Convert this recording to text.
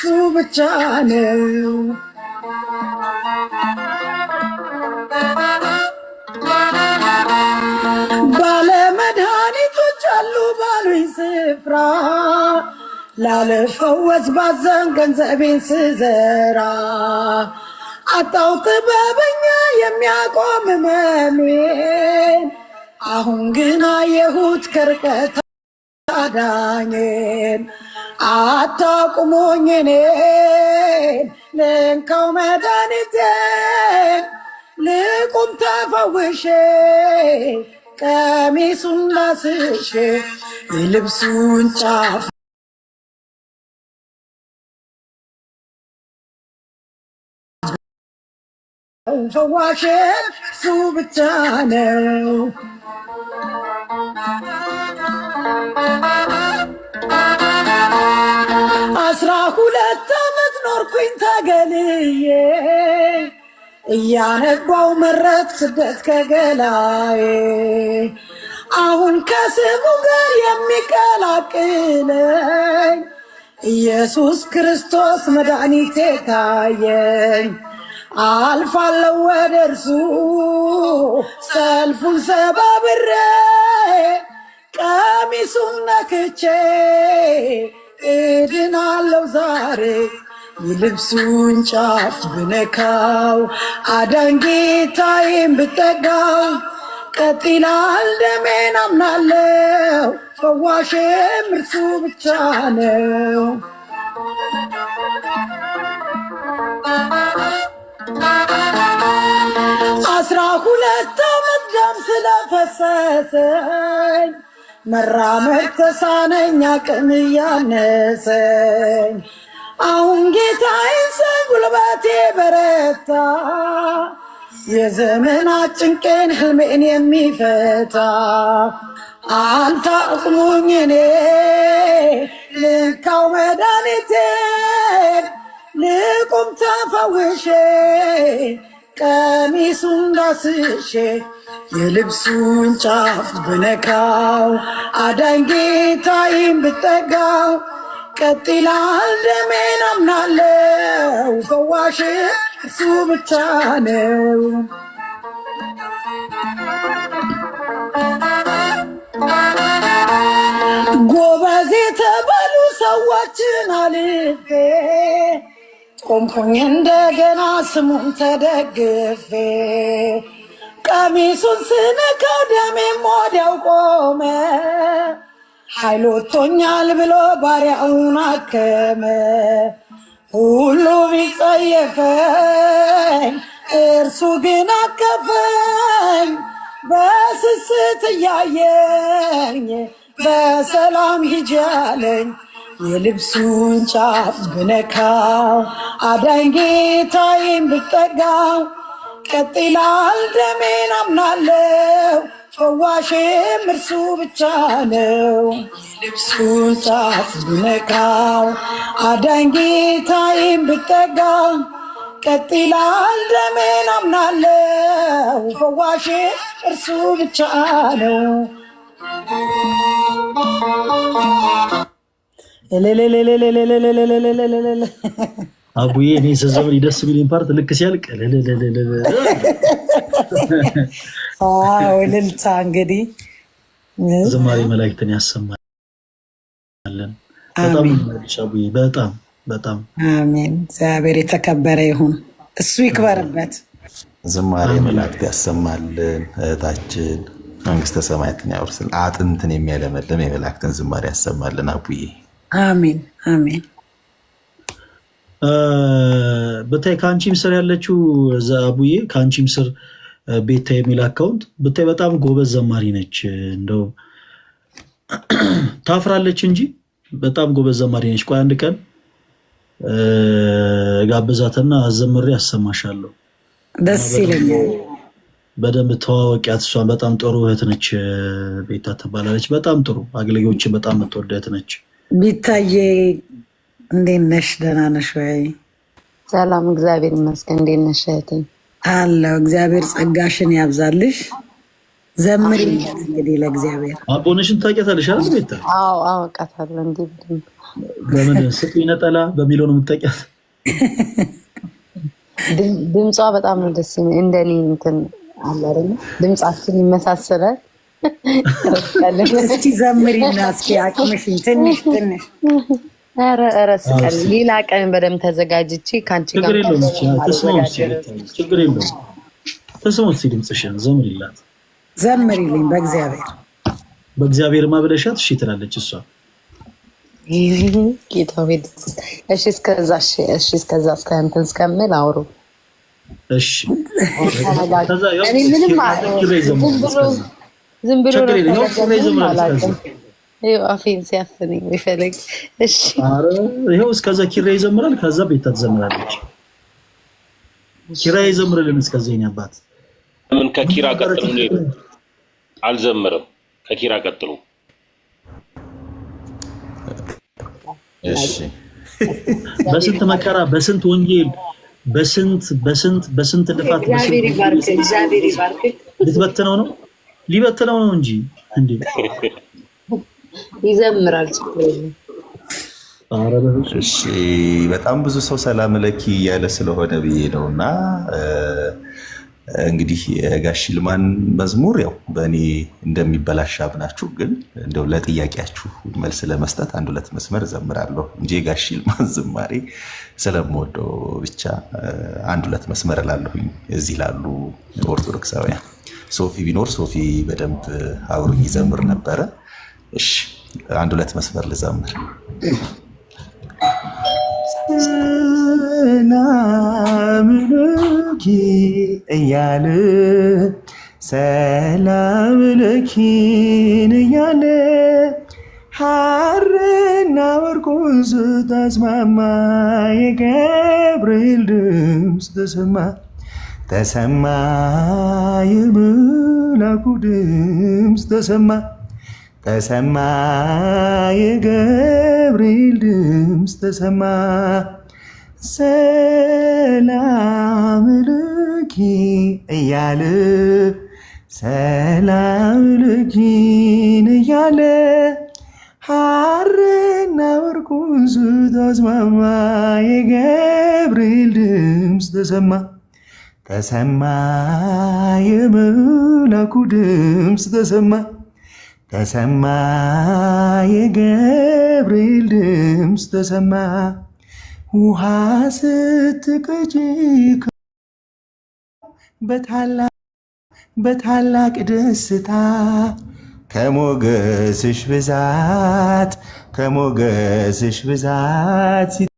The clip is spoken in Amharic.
እሱ ብቻ ነው። ባለመድኃኒቶች አሉ ባሉኝ ስፍራ ላለፈወስ ባዘን ገንዘቤን ስዘራ አጣው ጥበበኛ የሚያቆም መኑዬን አሁን ግን አየሁት ከርቀት አዳኜን አታቁሙኝ እኔን ልንካው መድኃኒቴን ልቁም ተፈውሼ ቀሚሱን ላስሼ የልብሱን ጫፍ ፈዋሽ እሱ ብቻ ነው። ኖርኩኝ ታገልዬ እያነባው መረት ስደት ከገላዬ አሁን ከስሙ ጋር የሚቀላቅለኝ ኢየሱስ ክርስቶስ መድኃኒቴ ታየኝ። አልፋለው ወደ እርሱ ሰልፉን ሰባብሬ ቀሚሱን ነክቼ እድናለው ዛሬ ልብሱን ጫፍ ብነካው አዳንጌታይም ብጠጋው ቀጢላል ይላል ደሜን አምናለው ፈዋሽም እርሱ ብቻ ነው። አስራ ሁለት አመት ደም ስለፈሰሰኝ መራመድ ተሳነኝ አቅም እያነሰኝ አሁን ጌታዬ ጉልበቴ በረታ፣ የዘመን ጭንቄን ህልሜን የሚፈታ አንተ አቁሙኝ እኔ ልካው መድኃኒቴ ልቁም ተፈውሼ ቀሚሱን ዳስሼ የልብሱን ጫፍ ብነካው አዳኝ ጌታዬን ብጠጋው ቀጥ ይላል ደሜን አምናለው፣ ፈዋሽ እሱ ብቻ ነው። ጎበዝ የተባሉ ሰዎችን አልፌ ቆምኩኝ እንደገና ስሙን ተደግፌ ቀሚሱን ስነካው ደሜም ወዲያው ቆመ። ኃይል ወጥቶኛል ብሎ ባሪያውን አከመ። ሁሉ ቢጸየፈኝ እርሱ ግን አከፈኝ በስስት እያየኝ በሰላም ሂጃለኝ አለኝ። የልብሱን ጫፍ ብነካው አዳኝ ጌታዬን ብጠጋው ቀጥ ደሜን አምናለው ፈዋሽም እርሱ ብቻ ነው። ልብሱን ጫፍ ብነካው አዳኝ ጌታዬም ብጠጋ ቀጥ ይላል ደሜን አምናለው። ፈዋሽ እርሱ ብቻ ነው። አቡዬ እኔ ስዘምር ደስ የሚለኝ ፓርት ልክ ሲያልቅ እልልታ እንግዲህ ዝማሬ መላእክትን ያሰማለን። በጣም በጣም በጣም አሜን። እግዚአብሔር የተከበረ ይሁን፣ እሱ ይክበርበት። ዝማሬ መላእክት ያሰማልን። እህታችን መንግስተ ሰማያትን ያውርስል። አጥንትን የሚያለመልም የመላእክትን ዝማሬ ያሰማልን። አቡዬ አሜን አሜን። በተለይ ከአንቺም ስር ያለችው አቡዬ ከአንቺም ስር ቤታ የሚል አካውንት ብታይ በጣም ጎበዝ ዘማሪ ነች። እንደው ታፍራለች እንጂ በጣም ጎበዝ ዘማሪ ነች። ቆይ አንድ ቀን ጋብዛትና አዘምሬ አሰማሻለሁ። ደስ ይለኛል። በደንብ ተዋወቂያት። እሷን በጣም ጥሩ እህት ነች። ቤታ ትባላለች። በጣም ጥሩ አገልጋዮችን በጣም የምትወድ እህት ነች። ቢታዬ እንዴት ነሽ? ደህና ነሽ ወይ? ሰላም፣ እግዚአብሔር ይመስገን። እንዴት ነሽ እህቴ? አለው እግዚአብሔር ጸጋሽን ያብዛልሽ። ዘምሪለት እንግዲህ ለእግዚአብሔር አቦነሽን ታውቂያታለሽ አይደል? ቤታ አዎ፣ አውቃታለሁ። እንዴ በምን ስጡኝ ነጠላ በሚለው ነው የምታውቂያት። ድምጿ በጣም ነው ደስ የሚል። እንደኔ እንትን አለ አይደል? ድምጻችን ይመሳሰላል። እስኪ ዘምሪና እስኪ አቅምሽን ትንሽ ትንሽ ኧረ ኧረ ስቀል ሌላ ቀን በደምብ ተዘጋጅቼ ከአንቺ ጋር ችግር የለውም። ተስሞት ሲ ድምፅሽን ዘምሪላት፣ ዘምሪልኝ በእግዚአብሔር በእግዚአብሔር ማብለሻት እሺ ትላለች እሷ። ጌታ እሺ፣ እስከዛ እሺ፣ እስከዛ እስከ እንትን እስከምል አውሩ እሺ። ምንም ዝም ብሎ ዝም ብሎ አፌን ሲያፍነኝ ይፈለግ። እሺ ይኸው እስከዛ ኪራይ ይዘምራል፣ ከዛ ቤታ ትዘምራለች። ኪራይ ይዘምርልን እስከዛ የእኔ አባት። ምን ከኪራ ቀጥሎ አልዘምርም። ከኪራ ቀጥሉ እሺ። በስንት መከራ፣ በስንት ወንጌል፣ በስንት በስንት በስንት ልፋት ልትበትነው ነው፣ ሊበትነው ነው እንጂ እንዴ ይዘምራል። እሺ፣ በጣም ብዙ ሰው ሰላም ለኪ እያለ ስለሆነ ብዬ ነው እና እንግዲህ የጋሽ ልማን መዝሙር ያው በእኔ እንደሚበላሽ አምናችሁ ግን እንደው ለጥያቄያችሁ መልስ ለመስጠት አንድ ሁለት መስመር እዘምራለሁ እንጂ የጋሽ ልማን ዝማሬ ስለምወደው ብቻ አንድ ሁለት መስመር እላለሁኝ። እዚህ ላሉ ኦርቶዶክሳውያን ሶፊ ቢኖር ሶፊ በደንብ አብሮኝ ይዘምር ነበረ። እሺ አንድ ሁለት መስመር ልዘምር። ሰላም ለኪ እያለ ሰላም ለኪን እያለ ሐርና ወርቁን ስታስማማ የገብርኤል ድምፅ ተሰማ ተሰማ የመላኩ ድምፅ ተሰማ ተሰማ የገብርኤል ድምፅ ተሰማ ሰላም ልኪ እያለ ሰላም ልኪን እያለ ሐርና ወርቁን ስታስማማ የገብርኤል ድምፅ ተሰማ ተሰማ የመላኩ ድምፅ ተሰማ ተሰማ የገብርኤል ድምፅ ተሰማ ውሃ ስትቅጭ በታላቅ ደስታ ከሞገስሽ ብዛት ከሞገስሽ ብዛት